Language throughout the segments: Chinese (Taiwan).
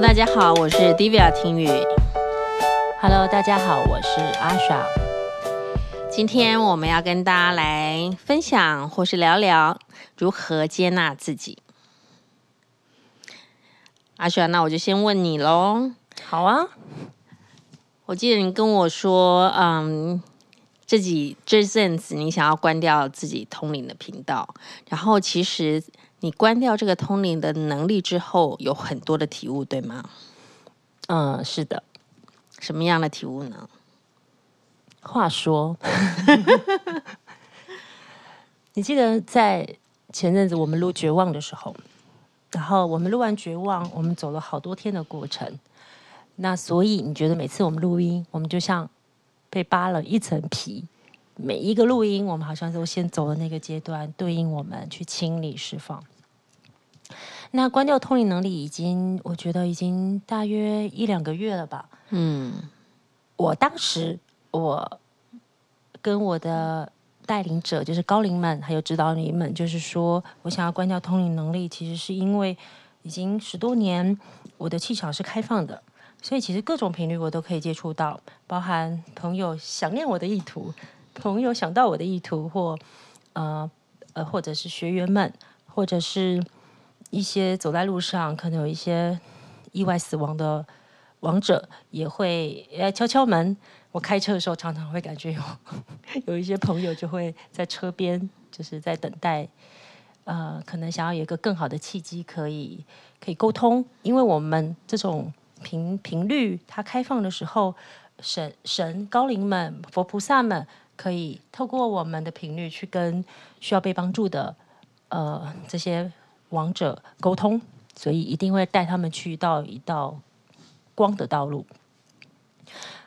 大家好，我是 Divya 聽雨。Hello，大家好，我是 Asha。今天我們要跟大家來分享或是聊聊如何接納自己。Asha，那我就先問你嘍。好啊。我記得你跟我說，嗯，自己這陣子你想要關掉自己通靈的頻道，然後其實。你關掉這個通靈的能力之後，有很多的體悟，對嗎？嗯，是的。什麼樣的體悟呢？話說， 你記得在前陣子我們錄《絕望》的時候，然後我們錄完《絕望》，我們走了好多天的過程。那所以你覺得每次我們錄音，我們就像被扒了一層皮？每一個錄音，我們好像都先走的那個階段，對應我們去清理釋放。那關掉通靈能力已經，我覺得已經大約一兩個月了吧。嗯，我當時我跟我的帶領者，就是高靈們還有指導員們，就是說我想要關掉通靈能力，其實是因為已經十多年，我的氣場是開放的，所以其實各種頻率我都可以接觸到，包含朋友想念我的意圖。朋友想到我的意圖，或呃呃，或者是學員們，或者是一些走在路上可能有一些意外死亡的亡者也，也會呃敲敲門。我開車的時候常常會感覺有有一些朋友就會在車邊，就是在等待。呃，可能想要有一個更好的契機，可以可以溝通，因為我們這種頻頻率它開放的時候，神神高靈們、佛菩薩們。可以透過我們的頻率去跟需要被幫助的呃這些亡者溝通，所以一定會帶他們去到一道光的道路。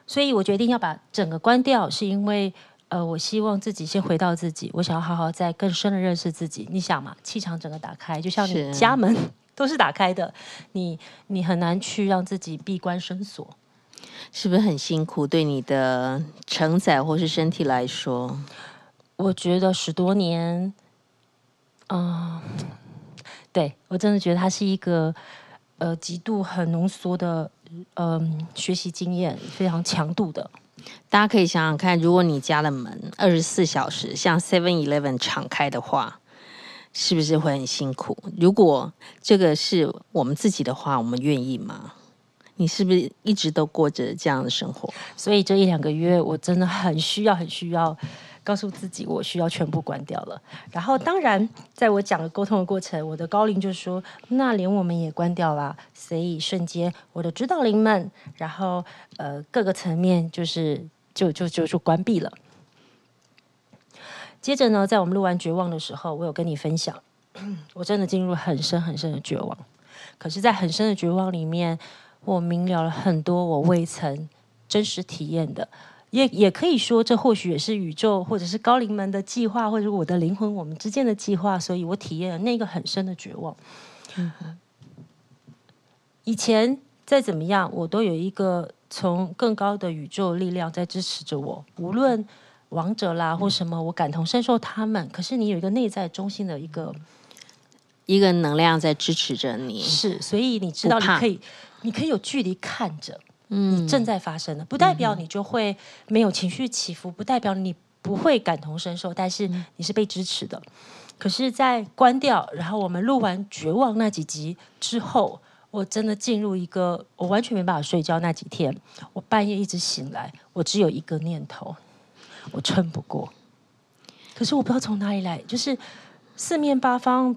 所以我決定要把整個關掉，是因為呃，我希望自己先回到自己，我想要好好再更深的認識自己。你想嘛，氣場整個打開，就像你家門都是打開的，是你你很難去讓自己閉關深鎖。是不是很辛苦？對你的承載或是身體來說，我覺得十多年，嗯，對，我真的覺得它是一個呃極度很濃縮的呃學習經驗，非常強度的。大家可以想想看，如果你家的門二十四小時像 Seven Eleven 敞開的話，是不是會很辛苦？如果這個是我們自己的話，我們願意嗎？你是不是一直都過着這樣的生活？所以這一兩個月，我真的很需要、很需要告訴自己，我需要全部關掉了。然後，當然，在我講了溝通的過程，我的高靈就說：“那連我們也關掉了。”所以，瞬間我的指導靈們，然後呃，各個層面就是就就就就就關閉了。接着呢，在我們錄完絕望的時候，我有跟你分享，我真的進入很深很深的絕望。可是，在很深的絕望裡面。我明了了很多我未曾真實體驗的，也也可以說，這或許也是宇宙或者是高靈們的計劃，或者我的靈魂、我們之間的計劃。所以我體驗了那個很深的絕望。嗯、以前再怎麼樣，我都有一個從更高的宇宙力量在支持着我，無論王者啦或什麼，嗯、我感同身受他們。可是你有一個內在中心的一個一個能量在支持着你，是，所以你知道你可以。你可以有距離看着，你正在發生的，不代表你就會沒有情緒起伏，不代表你不會感同身受，但是你是被支持的。可是，在關掉，然後我們錄完絕望那幾集之後，我真的進入一個我完全沒辦法睡覺那幾天，我半夜一直醒來，我只有一個念頭，我撐不過。可是我不知道從哪裡來，就是四面八方。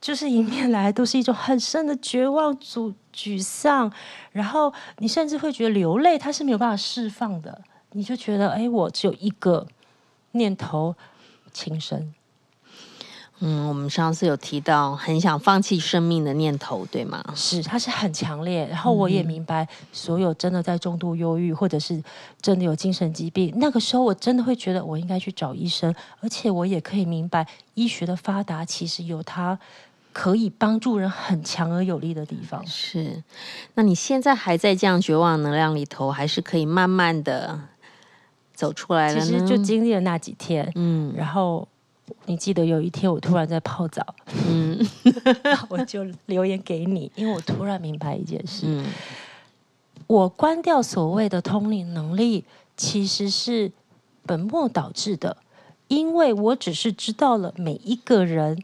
就是迎面來都是一種很深的絕望、沮沮喪，然後你甚至會覺得流淚，它是沒有辦法釋放的。你就覺得，哎，我只有一個念頭：輕生。嗯，我們上次有提到很想放棄生命的念頭，對嗎？是，它是很強烈。然後我也明白，所有真的在重度憂鬱、嗯、或者是真的有精神疾病，那個時候我真的會覺得我應該去找醫生，而且我也可以明白，醫學的發達其實有它。可以幫助人很強而有力的地方是。那你現在還在這樣絕望能量裡頭，還是可以慢慢的走出來了？其實就經歷了那幾天，嗯，然後你記得有一天我突然在泡澡，嗯， 我就留言給你，因為我突然明白一件事，嗯，我關掉所謂的通靈能力，其實是本末倒置的，因為我只是知道了每一個人。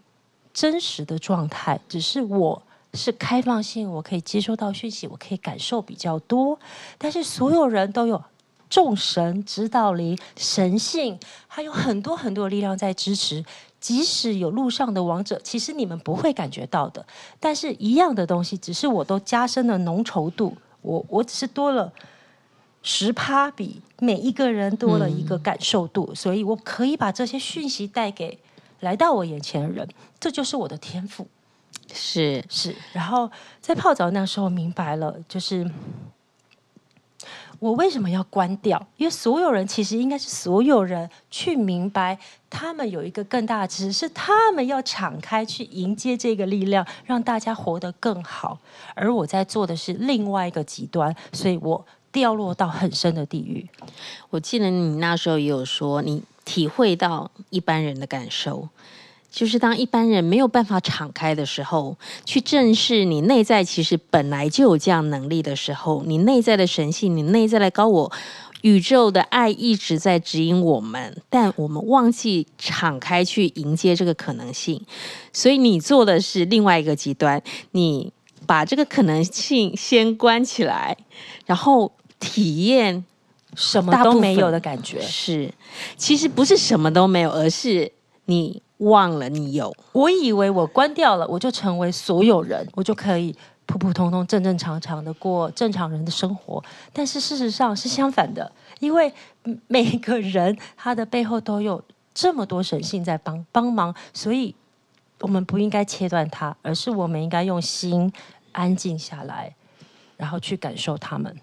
真實的狀態，只是我是開放性，我可以接收到訊息，我可以感受比較多。但是所有人都有眾神、指導靈、神性，還有很多很多力量在支持。即使有路上的王者，其實你們不會感覺到的。但是一樣的東西，只是我都加深了濃稠度，我我只是多了十趴，比每一個人多了一個感受度，嗯、所以我可以把這些訊息帶給。來到我眼前的人，這就是我的天賦。是是，然後在泡澡那時候明白了，就是我為什麼要關掉？因為所有人其實應該是所有人去明白，他們有一個更大的知識，是他們要敞開去迎接這個力量，讓大家活得更好。而我在做的是另外一個極端，所以我掉落到很深的地獄。我記得你那時候也有說你。體會到一般人的感受，就是當一般人沒有辦法敞開的時候，去正視你內在其實本來就有這樣能力的時候，你內在的神性，你內在的高我，宇宙的愛一直在指引我們，但我們忘記敞開去迎接這個可能性。所以你做的是另外一個極端，你把這個可能性先關起來，然後體驗。什麼都沒有的感覺是，其實不是什麼都沒有，而是你忘了你有。我以為我關掉了，我就成為所有人，我就可以普普通通、正正常常的過正常人的生活。但是事實上是相反的，因為每個人他的背後都有這麼多神性在幫幫忙，所以我們不應該切斷他，而是我們應該用心安靜下來，然後去感受他們。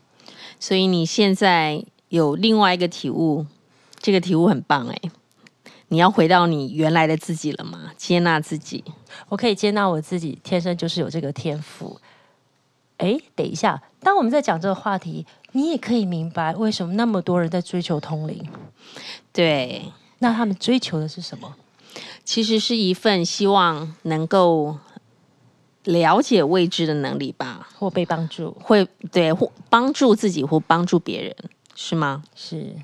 所以你現在。有另外一個體悟，這個體悟很棒哎！你要回到你原來的自己了嗎？接納自己，我可以接納我自己，天生就是有這個天賦。哎，等一下，當我們在講這個話題，你也可以明白為什麼那麼多人在追求通靈。對，那他們追求的是什麼？其實是一份希望能夠了解未知的能力吧，或被幫助，會，對，或幫助自己，或幫助別人。是嗎？是，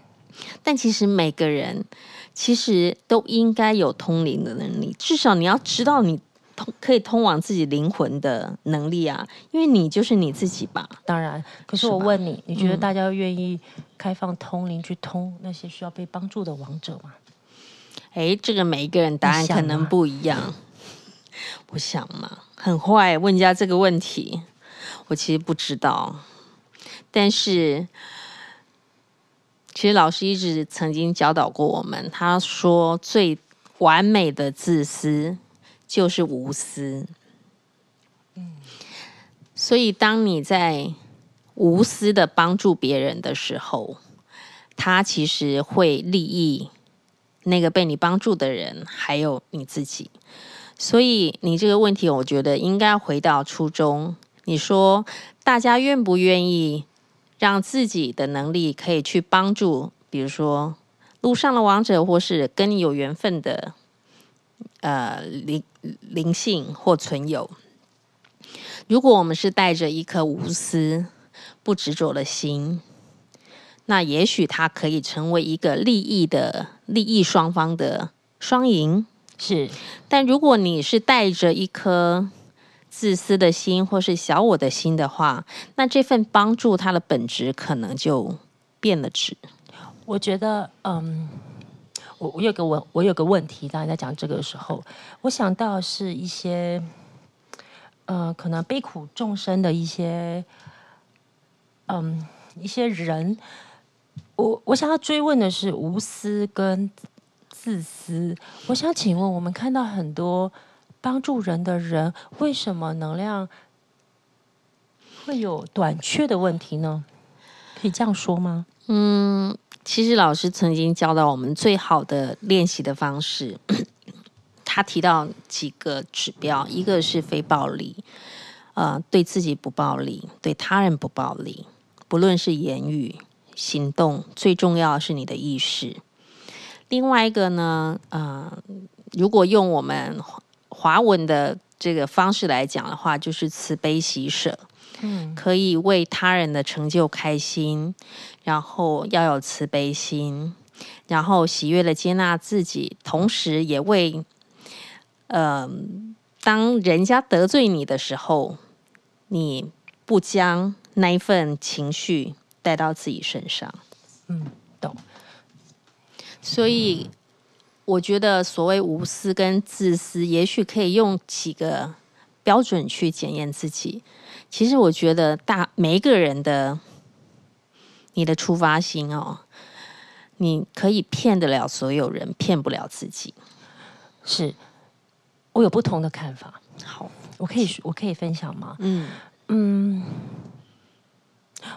但其實每個人其實都應該有通靈的能力，至少你要知道你通可以通往自己靈魂的能力啊，因為你就是你自己吧。嗯、當然，可是我問你，吧你覺得大家願意開放通靈、嗯、去通那些需要被幫助的亡者嗎？哎，這個每一個人答案可能不一樣。我想嘛， 很壞，問一下這個問題，我其實不知道，但是。其實老師一直曾經教導過我們，他說最完美的自私就是無私。所以當你在無私的幫助別人的時候，他其實會利益那個被你幫助的人，還有你自己。所以你這個問題，我覺得應該回到初衷。你說大家願不願意？讓自己的能力可以去幫助，比如說路上的王者，或是跟你有緣分的，呃，靈靈性或存有。如果我們是帶着一顆無私、不執着的心，那也許它可以成為一個利益的利益雙方的雙贏。是，但如果你是帶着一顆。自私的心，或是小我的心的話，那這份幫助他的本質可能就變了質。我覺得，嗯，我我有個我我有個問題，當你在講這個時候，我想到是一些，呃，可能悲苦眾生的一些，嗯，一些人。我我想要追問的是，無私跟自私。我想請問，我們看到很多。幫助人的人，為什麼能量會有短缺的問題呢？可以這樣說嗎？嗯，其實老師曾經教導我們最好的練習的方式，他提到幾個指標，一個是非暴力，呃，對自己不暴力，對他人不暴力，不論是言語、行動，最重要是你的意識。另外一個呢，呃，如果用我們華文的這個方式來講的話，就是慈悲喜舍，嗯，可以為他人的成就開心，然後要有慈悲心，然後喜悅的接納自己，同時也為，嗯、呃，當人家得罪你的時候，你不將那一份情緒帶到自己身上，嗯，懂，所以。嗯我覺得所謂無私跟自私，也許可以用幾個標準去檢驗自己。其實我覺得大，大每一個人的你的出發心哦，你可以騙得了所有人，騙不了自己。是，我有不同的看法。好，我可以請我可以分享嗎？嗯嗯。嗯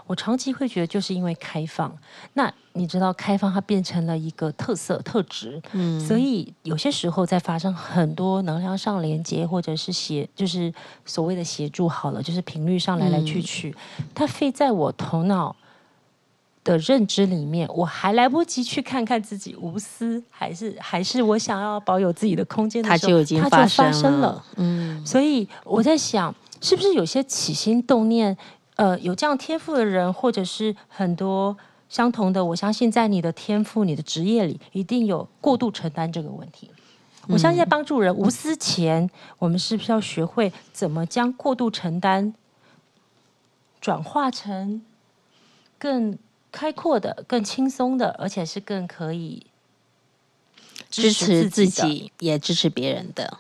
我長期會覺得，就是因為開放。那你知道，開放它變成了一個特色、特質，嗯，所以有些時候在發生很多能量上連接，或者是協，就是所謂的協助好了，就是頻率上來來去去，嗯，它非在我頭腦的認知裡面，我還來不及去看看自己無私還是還是我想要保有自己的空間的時候，它就已經發生了，它就發生了，嗯，所以我在想，是不是有些起心動念？呃，有這樣天賦的人，或者是很多相同的，我相信在你的天賦、你的職業裡，一定有過度承擔這個問題。我相信在幫助人、嗯、無私前，我們是不是要學會怎麼將過度承擔轉化成更開闊的、更輕鬆的，而且是更可以支持自己，支持自己，也支持別人的。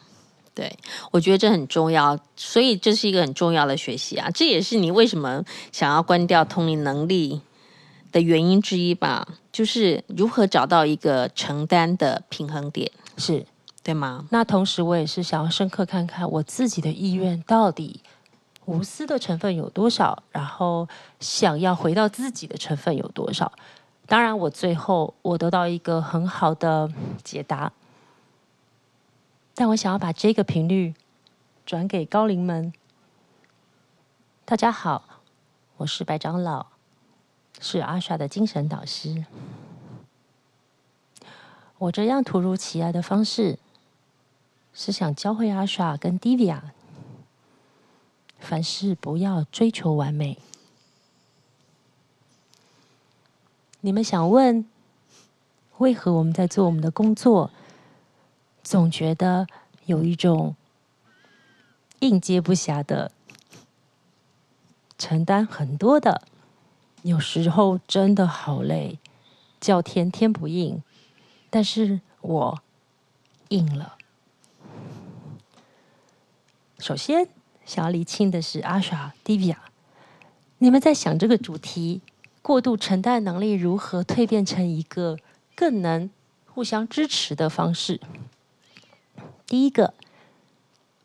對，我覺得這很重要，所以這是一個很重要的學習啊。這也是你為什麼想要關掉通靈能力的原因之一吧？就是如何找到一個承擔的平衡點，是對嗎？那同時，我也是想要深刻看看我自己的意願到底無私的成分有多少，然後想要回到自己的成分有多少。當然，我最後我得到一個很好的解答。但我想要把這個頻率轉給高靈們。大家好，我是白長老，是 Asha 的精神導師。我這樣突如其來的方式，是想教會 Asha 跟 Divya，凡事不要追求完美。你們想問，為何我們在做我們的工作？總覺得有一種應接不暇的承擔，很多的，有時候真的好累，叫天天不應，但是我應了。首先，想要理清的是，Asha、Divya，你們在想這個主題：過度承擔能力如何蛻變成一個更能互相支持的方式？第一個，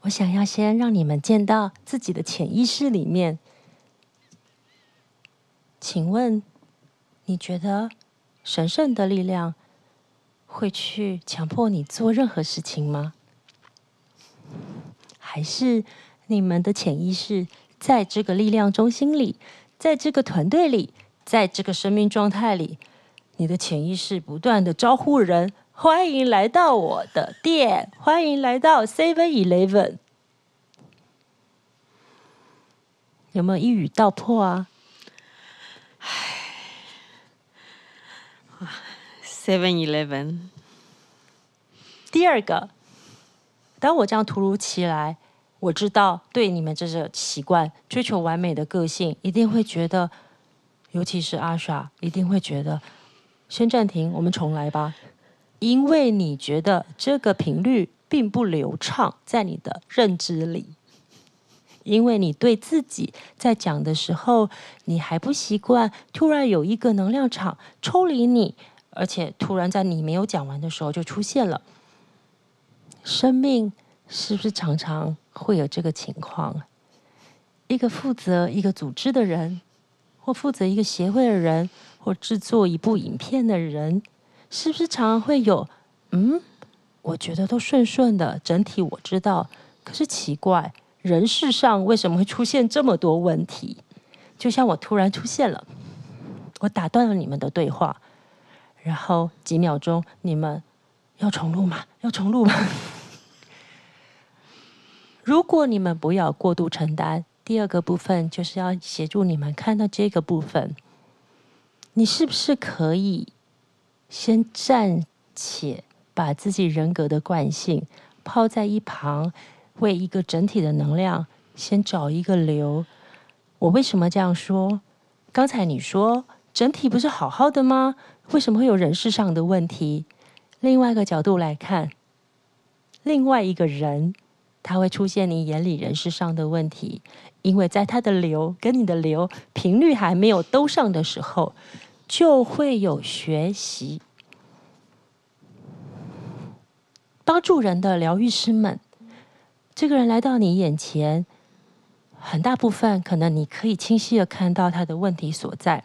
我想要先讓你們見到自己的潛意識裡面。請問，你覺得神聖的力量會去強迫你做任何事情嗎？還是你們的潛意識在這個力量中心裡，在這個團隊裡，在這個生命狀態裡，你的潛意識不斷的招呼人？歡迎來到我的店，歡迎來到 Seven Eleven。有沒有一語道破啊？唉，Seven Eleven。第二個，當我這樣突如其來，我知道對你們這種習慣、追求完美的個性，一定會覺得，尤其是 Asha，一定會覺得，先暫停，我們重來吧。因為你覺得這個頻率並不流暢，在你的認知裡，因為你對自己在講的時候，你還不習慣，突然有一個能量場抽離你，而且突然在你沒有講完的時候就出現了。生命是不是常常會有這個情況？一個負責一個組織的人，或負責一個協會的人，或製作一部影片的人。是不是常常會有？嗯，我覺得都順順的，整體我知道。可是奇怪，人世上為什麼會出現這麼多問題？就像我突然出現了，我打斷了你們的對話。然後幾秒鐘，你們要重錄嗎？要重錄嗎？ 如果你們不要過度承擔，第二個部分就是要協助你們看到這個部分。你是不是可以？先暫且把自己人格的慣性拋在一旁，為一個整體的能量先找一個流。我為什麼這樣說？剛才你說整體不是好好的嗎？為什麼會有人事上的問題？另外一個角度來看，另外一個人他會出現你眼裡人事上的問題，因為在他的流跟你的流頻率還沒有兜上的時候。就會有學習。幫助人的療癒師們，這個人來到你眼前，很大部分可能你可以清晰的看到他的問題所在。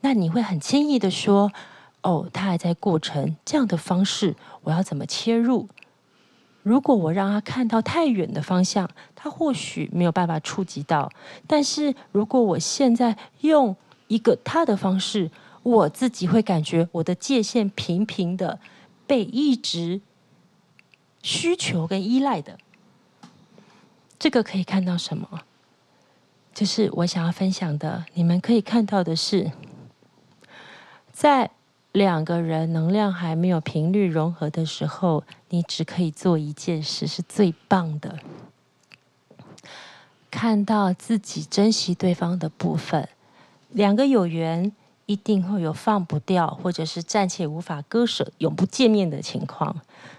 那你會很輕易的說：“哦，他還在過程。”這樣的方式，我要怎麼切入？如果我讓他看到太遠的方向，他或許沒有辦法觸及到。但是如果我現在用，一個他的方式，我自己會感覺我的界限，頻頻的，被一直需求跟依賴的。這個可以看到什麼？就是我想要分享的，你們可以看到的是，在兩個人能量還沒有頻率融合的時候，你只可以做一件事是最棒的，看到自己珍惜對方的部分。兩個有緣，一定會有放不掉，或者是暫且無法割捨、永不見面的情況。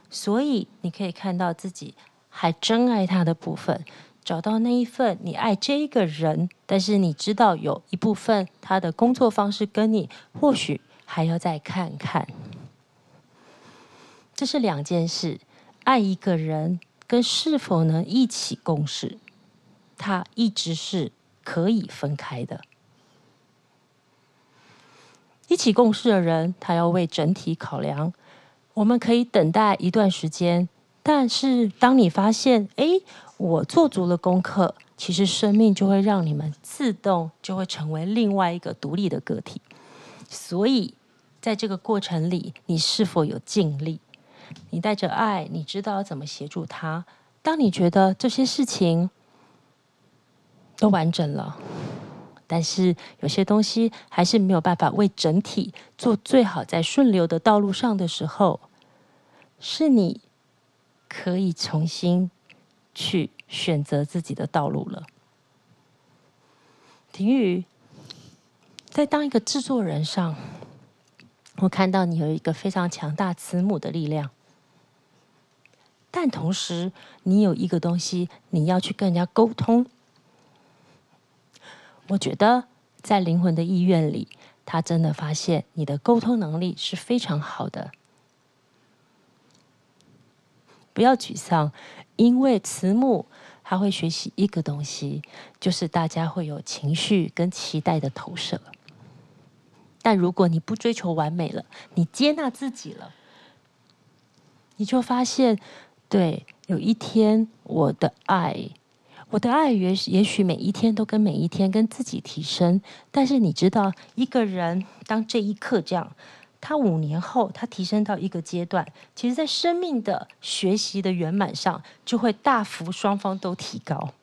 所以，你可以看到自己還真愛他的部分，找到那一份你愛這一個人，但是你知道有一部分他的工作方式跟你，或許還要再看看。這是兩件事：愛一個人跟是否能一起共事，它一直是可以分開的。一起共事的人，他要為整體考量。我們可以等待一段時間，但是當你發現，哎，我做足了功課，其實生命就會讓你們自動就會成為另外一個獨立的個體。所以，在這個過程裡，你是否有盡力？你帶着愛，你知道怎麼協助他？當你覺得這些事情都完整了，但是有些東西還是沒有辦法為整體做最好，在順流的道路上的時候，是你可以重新去選擇自己的道路了。婷宇，在當一個製作人上，我看到你有一個非常強大慈母的力量，但同時你有一個東西，你要去跟人家溝通。我覺得，在靈魂的意願裡，他真的發現你的溝通能力是非常好的。不要沮喪，因為慈母他會學習一個東西，就是大家會有情緒跟期待的投射。但如果你不追求完美了，你接納自己了，你就發現，對，有一天我的愛。我的愛也也許每一天都跟每一天跟自己提升，但是你知道，一個人當這一刻這樣，他五年後他提升到一個階段，其實在生命的學習的圓滿上就會大幅雙方都提高。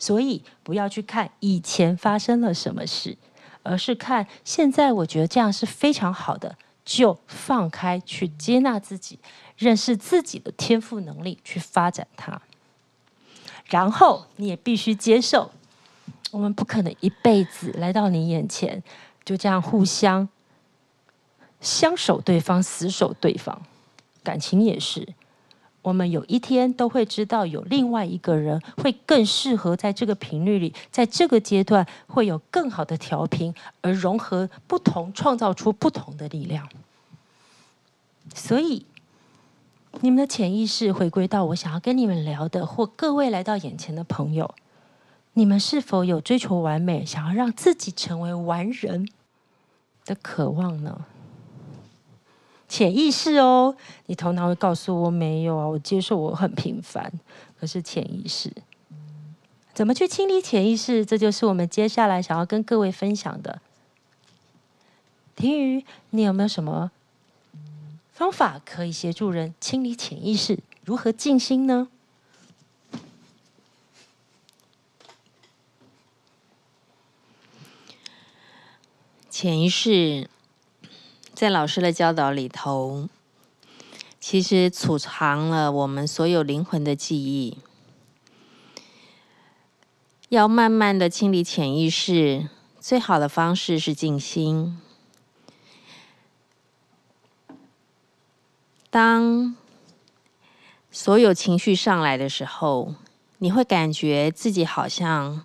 所以不要去看以前發生了什麼事，而是看現在，我覺得這樣是非常好的，就放開去接納自己，認識自己的天賦能力，去發展它。然後你也必須接受，我們不可能一輩子來到你眼前，就這樣互相相守對方，死守對方。感情也是，我們有一天都會知道，有另外一個人會更適合在這個頻率裡，在這個階段會有更好的調頻，而融合不同，創造出不同的力量。所以。你們的潛意識回歸到我想要跟你們聊的，或各位來到眼前的朋友，你們是否有追求完美，想要讓自己成為完人的渴望呢？潛意識哦，你頭腦會告訴我沒有啊，我接受我很平凡，可是潛意識，怎麼去清理潛意識？這就是我們接下來想要跟各位分享的。婷瑜，你有沒有什麼？方法可以協助人清理潛意識，如何靜心呢？潛意識在老師的教導裡頭，其實儲藏了我們所有靈魂的記憶。要慢慢的清理潛意識，最好的方式是靜心。當所有情緒上來的時候，你會感覺自己好像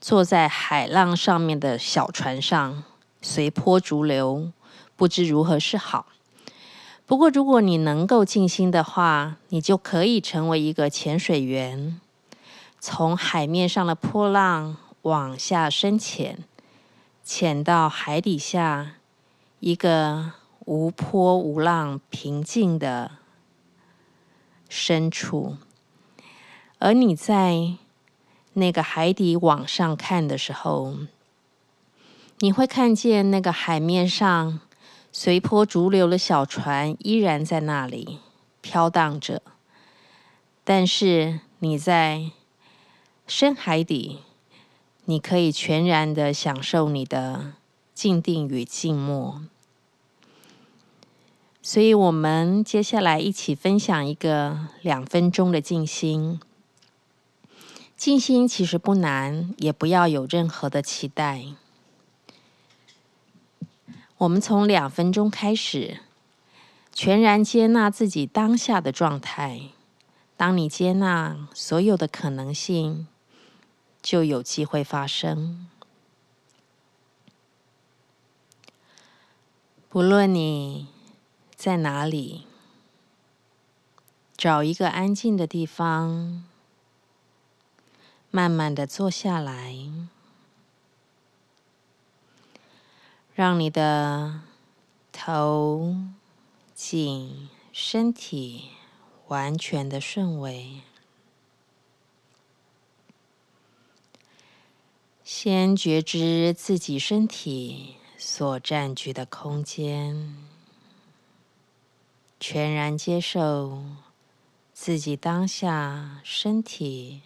坐在海浪上面的小船上，隨波逐流，不知如何是好。不過，如果你能夠靜心的話，你就可以成為一個潛水員，從海面上的波浪往下深潛，潛到海底下一個。無波無浪，平靜的深處，而你在那個海底往上看的時候，你會看見那個海面上隨波逐流的小船依然在那裡飄蕩着。但是你在深海底，你可以全然的享受你的靜定與靜默。所以，我們接下來一起分享一個兩分鐘的靜心。靜心其實不難，也不要有任何的期待。我們從兩分鐘開始，全然接納自己當下的狀態。當你接納所有的可能性，就有機會發生。不論你。在哪裡，找一個安靜的地方，慢慢的坐下來，讓你的頭頸身體完全的順位。先覺知自己身體所佔據的空間。全然接受自己當下身體、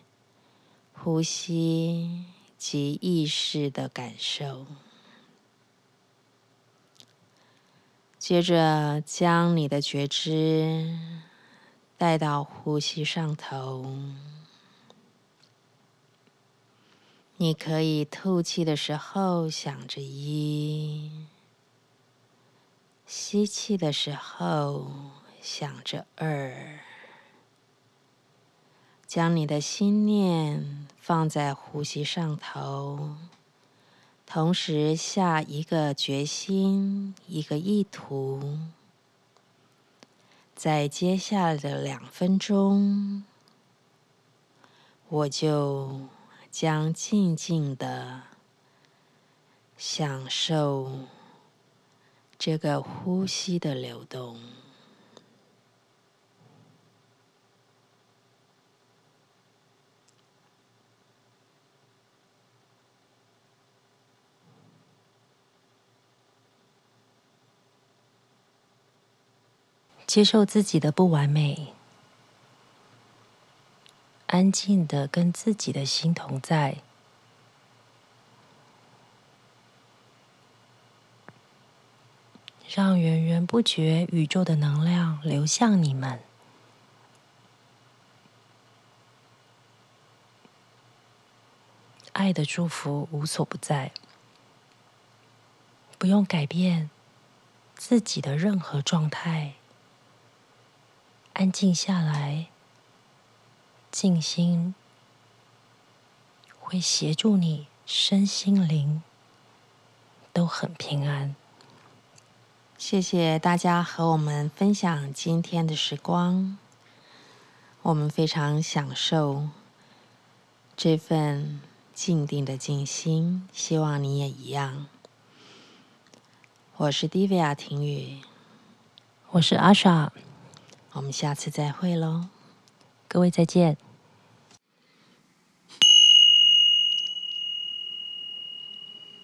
呼吸及意識的感受，接着將你的覺知帶到呼吸上頭。你可以吐氣的時候想着一。吸氣的時候，想着二，將你的心念放在呼吸上頭，同時下一個決心，一個意圖，在接下來的兩分鐘，我就將靜靜的享受。這個呼吸的流動，接受自己的不完美，安靜的跟自己的心同在。讓源源不絕宇宙的能量流向你們，愛的祝福無所不在，不用改變自己的任何狀態，安靜下來，靜心，會協助你身心靈都很平安。謝謝大家和我們分享今天的時光，我們非常享受這份靜定的靜心，希望你也一樣。我是迪維亞婷雨，我是 Asha，我們下次再會嘍，各位再見。